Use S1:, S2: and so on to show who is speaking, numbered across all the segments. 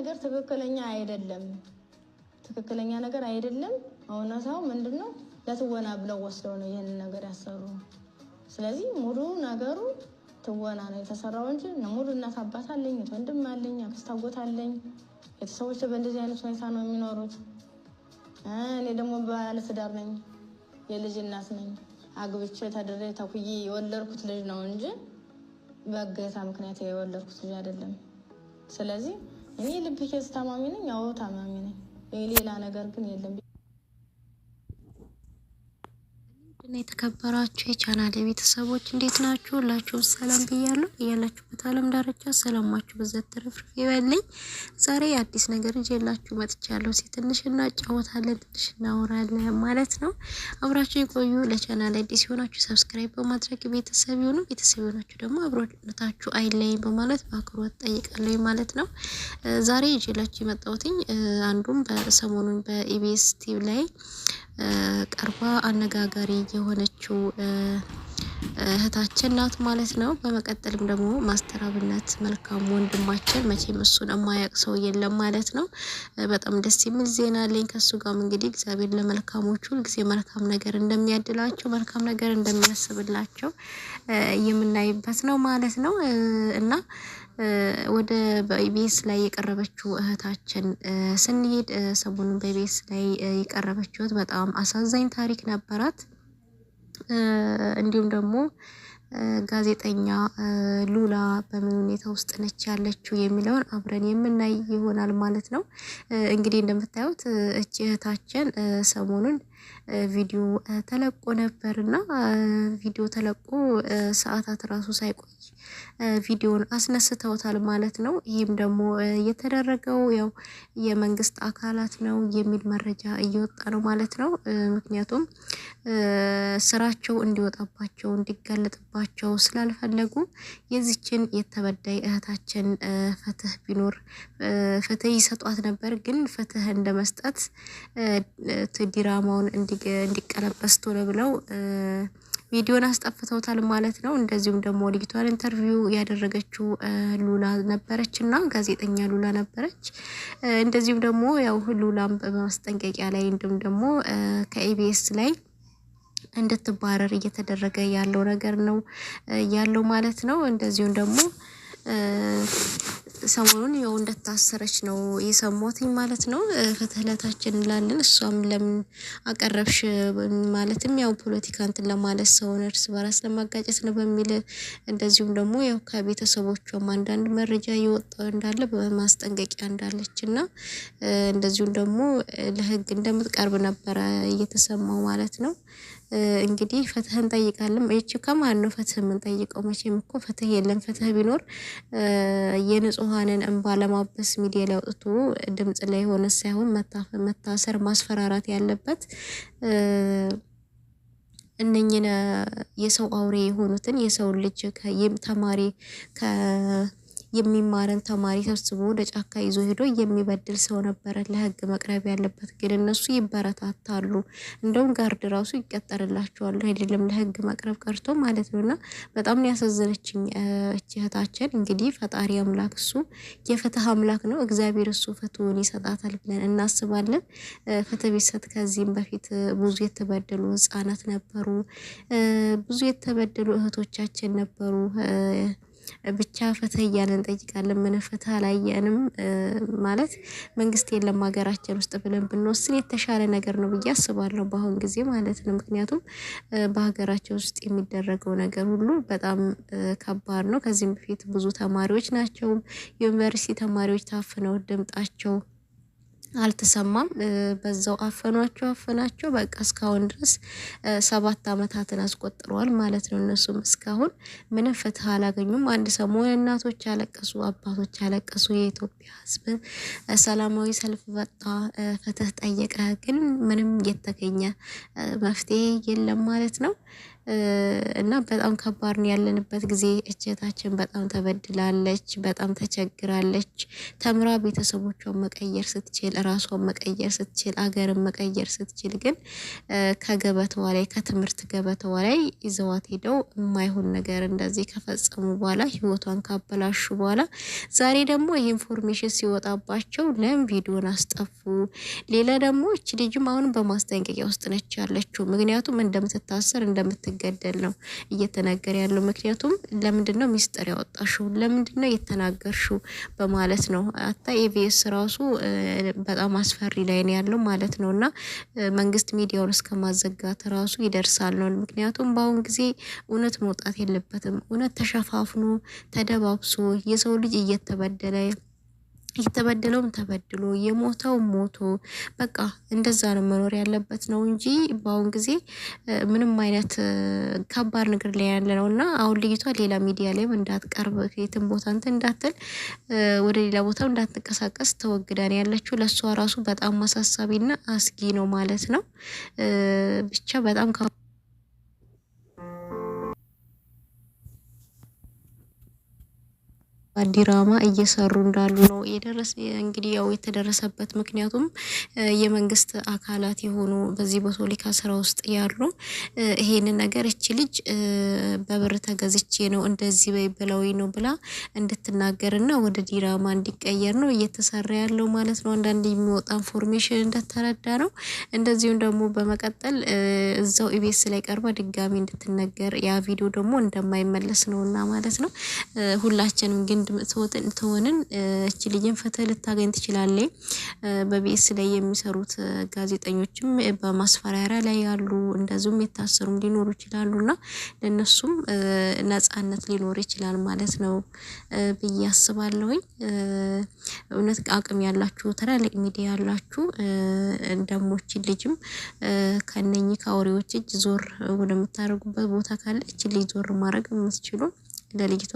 S1: ነገር ትክክለኛ አይደለም፣ ትክክለኛ ነገር አይደለም። እውነታው ምንድን ነው? ለትወና ብለው ወስደው ነው ይህንን ነገር ያሰሩ። ስለዚህ ሙሉ ነገሩ ትወና ነው የተሰራው እንጂ ሙሉ እናት አባት አለኝ፣ ወንድም አለኝ፣ አክስት አጎት አለኝ። ቤተሰቦች በእንደዚህ አይነት ሁኔታ ነው የሚኖሩት። እኔ ደግሞ ባለትዳር ነኝ፣ የልጅ እናት ነኝ። አግብቼ ተድሬ ተኩዬ የወለድኩት ልጅ ነው እንጂ በእገታ ምክንያት የወለድኩት ልጅ አይደለም። ስለዚህ እኔ ልብ ኬዝ ታማሚ ነኝ። አዎ ታማሚ ነኝ። ሌላ ነገር ግን የለም።
S2: እና የተከበራችሁ የቻናል ቤተሰቦች እንዴት ናችሁ? ሁላችሁም ሰላም ብያለሁ። እያላችሁበት አለም ዳርቻ ሰላማችሁ በዘት ትርፍርፍ ይበልኝ። ዛሬ አዲስ ነገር ይዤላችሁ መጥቻለሁ። እስኪ ትንሽ እናጫወታለን፣ ትንሽ እናወራለን ማለት ነው። አብራችሁ የቆዩ ለቻናል አዲስ የሆናችሁ ሰብስክራይብ በማድረግ ቤተሰብ ሆኑ ቤተሰብ የሆናችሁ ደግሞ አብሮነታችሁ አይለይም በማለት በአክብሮት ጠይቃለሁ ማለት ነው። ዛሬ ይዤላችሁ የመጣሁትኝ አንዱም በሰሞኑን በኢቢኤስ ቲቪ ላይ ቀርባ አነጋጋሪ የሆነችው እህታችን ናት ማለት ነው። በመቀጠልም ደግሞ ማስተር አብነት መልካም ወንድማችን መቼም እሱን የማያውቅ ሰው የለም ማለት ነው። በጣም ደስ የሚል ዜና አለኝ ከሱ ጋም እንግዲህ እግዚአብሔር ለመልካሞቹ ሁልጊዜ መልካም ነገር እንደሚያድላቸው መልካም ነገር እንደሚያስብላቸው የምናይበት ነው ማለት ነው እና ወደ ቤስ ላይ የቀረበችው እህታችን ስንሄድ ሰሞኑን በቤስ ላይ የቀረበችው በጣም አሳዛኝ ታሪክ ነበራት። እንዲሁም ደግሞ ጋዜጠኛ ሉላ በምን ሁኔታ ውስጥ ነች ያለችው የሚለውን አብረን የምናይ ይሆናል ማለት ነው። እንግዲህ እንደምታዩት እህታችን ሰሞኑን ቪዲዮ ተለቆ ነበር እና ቪዲዮ ተለቆ ሰዓታት ራሱ ሳይቆይ ቪዲዮን አስነስተውታል ማለት ነው። ይህም ደግሞ የተደረገው ያው የመንግስት አካላት ነው የሚል መረጃ እየወጣ ነው ማለት ነው። ምክንያቱም ስራቸው እንዲወጣባቸው እንዲጋለጥባቸው ስላልፈለጉ የዚችን የተበዳይ እህታችን ፍትህ ቢኖር ፍትህ ይሰጧት ነበር። ግን ፍትህ እንደመስጠት መስጠት ድራማውን እንዲቀለበስ ቶሎ ብለው ቪዲዮን አስጠፍተውታል ማለት ነው። እንደዚሁም ደግሞ ልጅቷን ኢንተርቪው ያደረገችው ሉላ ነበረች እና ጋዜጠኛ ሉላ ነበረች። እንደዚሁም ደግሞ ያው ሉላም በማስጠንቀቂያ ላይ እንዲሁም ደግሞ ከኢቢኤስ ላይ እንድትባረር እየተደረገ ያለው ነገር ነው ያለው ማለት ነው። እንደዚሁም ደግሞ ሰሞኑን ያው እንደታሰረች ነው የሰማትኝ ማለት ነው። ፍትህለታችን እንላለን። እሷም ለምን አቀረብሽ ማለትም ያው ፖለቲካ እንትን ለማለት ሰውን እርስ በራስ ለማጋጨት ነው በሚል እንደዚሁም ደግሞ ያው ከቤተሰቦቿም አንዳንድ መረጃ እየወጣ እንዳለ በማስጠንቀቂያ እንዳለች እና እንደዚሁም ደግሞ ለህግ እንደምትቀርብ ነበረ እየተሰማው ማለት ነው። እንግዲህ ፍትህ እንጠይቃለን። ይች ከማን ነው ፍትህ የምንጠይቀው? መቼም እኮ ፍትህ የለም። ፍትህ ቢኖር የንጹሐንን እንባ ለማበስ ሚዲያ ላይ አውጥቶ ድምፅ ላይ የሆነ ሳይሆን መታሰር፣ ማስፈራራት ያለበት እነኝን የሰው አውሬ የሆኑትን የሰው ልጅ ተማሪ የሚማረን ተማሪ ሰብስቦ ወደ ጫካ ይዞ ሄዶ የሚበድል ሰው ነበረ ለህግ መቅረብ ያለበት። ግን እነሱ ይበረታታሉ። እንደውም ጋርድ ራሱ ይቀጠርላቸዋል። አይደለም ለህግ መቅረብ ቀርቶ ማለት ነው። እና በጣም ያሳዘነችኝ እህታችን እንግዲህ ፈጣሪ አምላክ እሱ የፍትህ አምላክ ነው። እግዚአብሔር እሱ ፍትሁን ይሰጣታል ብለን እናስባለን። ፍትህ ቢሰጥ ከዚህም በፊት ብዙ የተበደሉ ህጻናት ነበሩ። ብዙ የተበደሉ እህቶቻችን ነበሩ። ብቻ ፍትህ እያለን እንጠይቃለን። ምን ፍትህ አላየንም ማለት መንግስት የለም ሀገራችን ውስጥ ብለን ብንወስን የተሻለ ነገር ነው ብዬ አስባለሁ። በአሁን ጊዜ ማለት ነው። ምክንያቱም በሀገራችን ውስጥ የሚደረገው ነገር ሁሉ በጣም ከባድ ነው። ከዚህም በፊት ብዙ ተማሪዎች ናቸው ዩኒቨርሲቲ ተማሪዎች ታፍነው ድምጣቸው አልተሰማም። በዛው አፈኗቸው አፈናቸው በቃ እስካሁን ድረስ ሰባት አመታትን አስቆጥረዋል ማለት ነው። እነሱም እስካሁን ምንም ፍትህ አላገኙም። አንድ ሰሞን እናቶች አለቀሱ፣ አባቶች አለቀሱ። የኢትዮጵያ ህዝብ ሰላማዊ ሰልፍ ወጣ፣ ፍትህ ጠየቀ። ግን ምንም የተገኘ መፍትሄ የለም ማለት ነው። እና በጣም ከባድ ነው ያለንበት ጊዜ። እጀታችን በጣም ተበድላለች፣ በጣም ተቸግራለች። ተምራ ቤተሰቦቿን መቀየር ስትችል፣ ራሷን መቀየር ስትችል፣ አገርን መቀየር ስትችል ግን ከገበታዋ ላይ ከትምህርት ገበታዋ ላይ ይዘዋት ሄደው የማይሆን ነገር እንደዚህ ከፈጸሙ በኋላ ህይወቷን ካበላሹ በኋላ ዛሬ ደግሞ ይህ ኢንፎርሜሽን ሲወጣባቸው ለም ቪዲዮን አስጠፉ። ሌላ ደግሞ እች ልጅም አሁንም በማስጠንቀቂያ ውስጥ ነች ያለችው ምክንያቱም እንደምትታሰር እንደምት ስትገደል ነው እየተነገረ ያለው። ምክንያቱም ለምንድን ነው ሚስጥር ያወጣሽው? ለምንድን ነው የተናገርሽው? በማለት ነው አታ ኢቢኤስ ራሱ በጣም አስፈሪ ላይ ነው ያለው ማለት ነው። እና መንግስት ሚዲያውን እስከ ማዘጋት ራሱ ይደርሳል ነው። ምክንያቱም በአሁን ጊዜ እውነት መውጣት የለበትም። እውነት ተሸፋፍኖ ተደባብሶ የሰው ልጅ እየተበደለ የተበደለውም ተበድሎ የሞተው ሞቶ በቃ እንደዛ ነው መኖር ያለበት ነው እንጂ በአሁን ጊዜ ምንም አይነት ከባድ ነገር ላይ ያለ ነው እና አሁን ልጅቷ ሌላ ሚዲያ ላይም እንዳትቀርብ የትም ቦታ እንትን እንዳትል ወደ ሌላ ቦታ እንዳትንቀሳቀስ ተወግዳን ያለችው ለእሷ ራሱ በጣም ማሳሳቢና አስጊ ነው ማለት ነው ብቻ በጣም ዲራማ እየሰሩ እንዳሉ ነው የደረሰ እንግዲህ ያው የተደረሰበት ምክንያቱም የመንግስት አካላት የሆኑ በዚህ በሶሊካ ስራ ውስጥ ያሉ ይሄንን ነገር እቺ ልጅ በብር ተገዝቼ ነው እንደዚህ በይ ብለውኝ ነው ብላ እንድትናገርና ወደ ዲራማ እንዲቀየር ነው እየተሰራ ያለው ማለት ነው። አንዳንድ የሚወጣ ኢንፎርሜሽን እንደተረዳ ነው። እንደዚሁም ደግሞ በመቀጠል እዛው ኢቤስ ላይ ቀርባ ድጋሚ እንድትነገር ያ ቪዲዮ ደግሞ እንደማይመለስ ነውና ማለት ነው ሁላችንም ግን መጥፎ ትሆንን እቺ ልጅን ፍትህ ልታገኝ ትችላለች። በቢኤስ ላይ የሚሰሩት ጋዜጠኞችም በማስፈራሪያ ላይ ያሉ እንደዚሁም የታሰሩም ሊኖሩ ይችላሉ እና ለእነሱም ነጻነት ሊኖር ይችላል ማለት ነው ብዬ አስባለሁኝ። እውነት አቅም ያላችሁ ትላልቅ ሚዲያ ያላችሁ እንደሞች ልጅም ከነኚህ ከአውሬዎች እጅ ዞር ወደምታደርጉበት ቦታ ካለ እች ልጅ ዞር ማድረግ የምትችሉ ለልጅቷ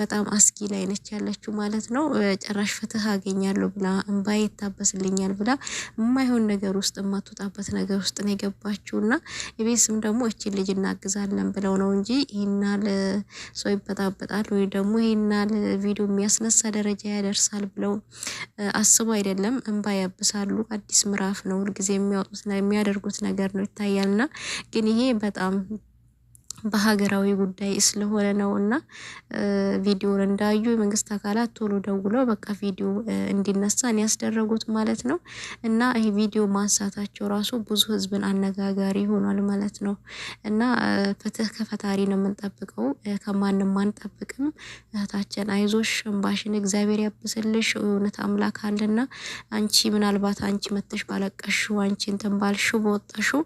S2: በጣም አስጊ ላይ ነች ያለችው ማለት ነው። ጭራሽ ፍትህ አገኛለሁ ብላ እንባ ይታበስልኛል ብላ የማይሆን ነገር ውስጥ የማትወጣበት ነገር ውስጥ ነው የገባችው እና የቤስም ደግሞ እችን ልጅ እናግዛለን ብለው ነው እንጂ ይህናል ሰው ይበጣበጣል ወይ ደግሞ ይህናል ቪዲዮ የሚያስነሳ ደረጃ ያደርሳል ብለው አስቡ አይደለም። እንባ ያብሳሉ። አዲስ ምዕራፍ ነው ሁልጊዜ የሚያወጡት የሚያደርጉት ነገር ነው ይታያልና ግን ይሄ በጣም በሀገራዊ ጉዳይ ስለሆነ ነው እና ቪዲዮን እንዳዩ የመንግስት አካላት ቶሎ ደውለው በቃ ቪዲዮ እንዲነሳን ያስደረጉት ማለት ነው። እና ይሄ ቪዲዮ ማንሳታቸው ራሱ ብዙ ህዝብን አነጋጋሪ ሆኗል ማለት ነው። እና ፍትህ ከፈጣሪ ነው የምንጠብቀው፣ ከማንም አንጠብቅም። እህታችን አይዞሽ፣ እንባሽን እግዚአብሔር ያብስልሽ። እውነት አምላክ አለና አንቺ ምናልባት አንቺ መተሽ ባለቀሽው፣ አንቺ እንትን ባልሽው፣ በወጣሽው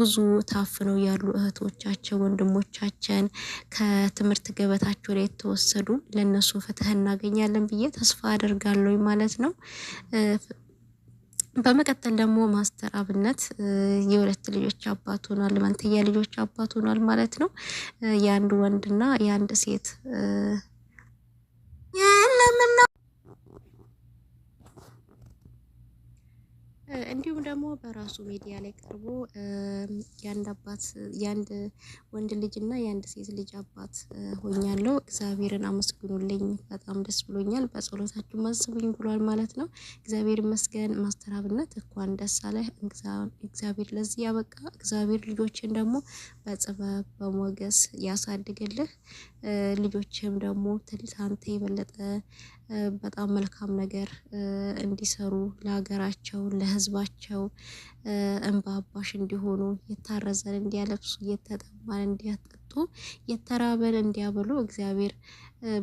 S2: ብዙ ታፍነው ያሉ እህቶቻቸው ወንድ ወንድሞቻችን ከትምህርት ገበታቸው ላይ የተወሰዱ ለእነሱ ፍትህ እናገኛለን ብዬ ተስፋ አደርጋለሁ ማለት ነው። በመቀጠል ደግሞ ማስተር አብነት የሁለት ልጆች አባት ሆኗል። መንትያ ልጆች አባት ሆኗል ማለት ነው። የአንድ ወንድና የአንድ ሴት እንዲሁም ደግሞ በራሱ ሚዲያ ላይ ቀርቦ የአንድ አባት የአንድ ወንድ ልጅ እና የአንድ ሴት ልጅ አባት ሆኛለሁ፣ እግዚአብሔርን አመስግኑልኝ፣ በጣም ደስ ብሎኛል፣ በጸሎታችሁ ማስቡኝ ብሏል ማለት ነው። እግዚአብሔር ይመስገን። ማስተር አብነት እንኳን ደስ አለህ፣ እግዚአብሔር ለዚህ ያበቃ፣ እግዚአብሔር ልጆችን ደግሞ በጥበብ በሞገስ ያሳድግልህ፣ ልጆችም ደግሞ ትልታንተ የበለጠ በጣም መልካም ነገር እንዲሰሩ ለሀገራቸው ለህዝባቸው እንባ አባሽ እንዲሆኑ የታረዘን እንዲያለብሱ የተጠማን እንዲያጠጡ የተራበን እንዲያበሉ እግዚአብሔር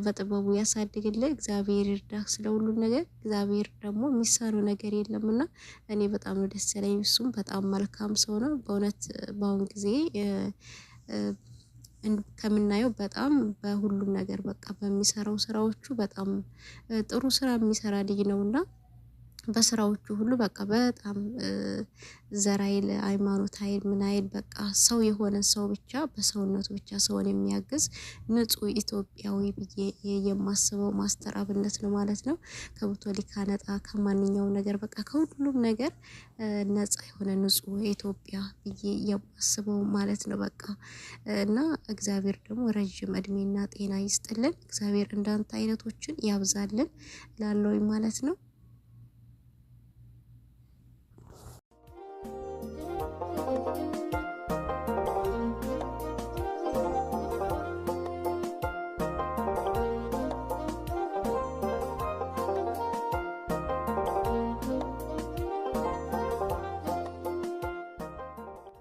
S2: በጥበቡ ያሳድግልህ። እግዚአብሔር ይርዳ ስለ ሁሉም ነገር። እግዚአብሔር ደግሞ የሚሳነው ነገር የለምና እኔ በጣም ነው ደስ ያለኝ። እሱም በጣም መልካም ሰው ነው በእውነት በአሁን ጊዜ ከምናየው በጣም በሁሉም ነገር በቃ በሚሰራው ስራዎቹ በጣም ጥሩ ስራ የሚሰራ ልጅ ነው እና በስራዎቹ ሁሉ በቃ በጣም ዘራይል አይል ሃይማኖት አይል ምን አይል በቃ ሰው የሆነ ሰው ብቻ በሰውነቱ ብቻ ሰውን የሚያግዝ ንጹሕ ኢትዮጵያዊ ብዬ የማስበው ማስተር አብነት ነው ማለት ነው። ከቡቶሊካ ነጣ ከማንኛውም ነገር በቃ ከሁሉም ነገር ነጻ የሆነ ንጹሕ ኢትዮጵያ ብዬ የማስበው ማለት ነው በቃ እና እግዚአብሔር ደግሞ ረዥም እድሜና ጤና ይስጥልን። እግዚአብሔር እንዳንተ አይነቶችን ያብዛልን ላለውኝ ማለት ነው።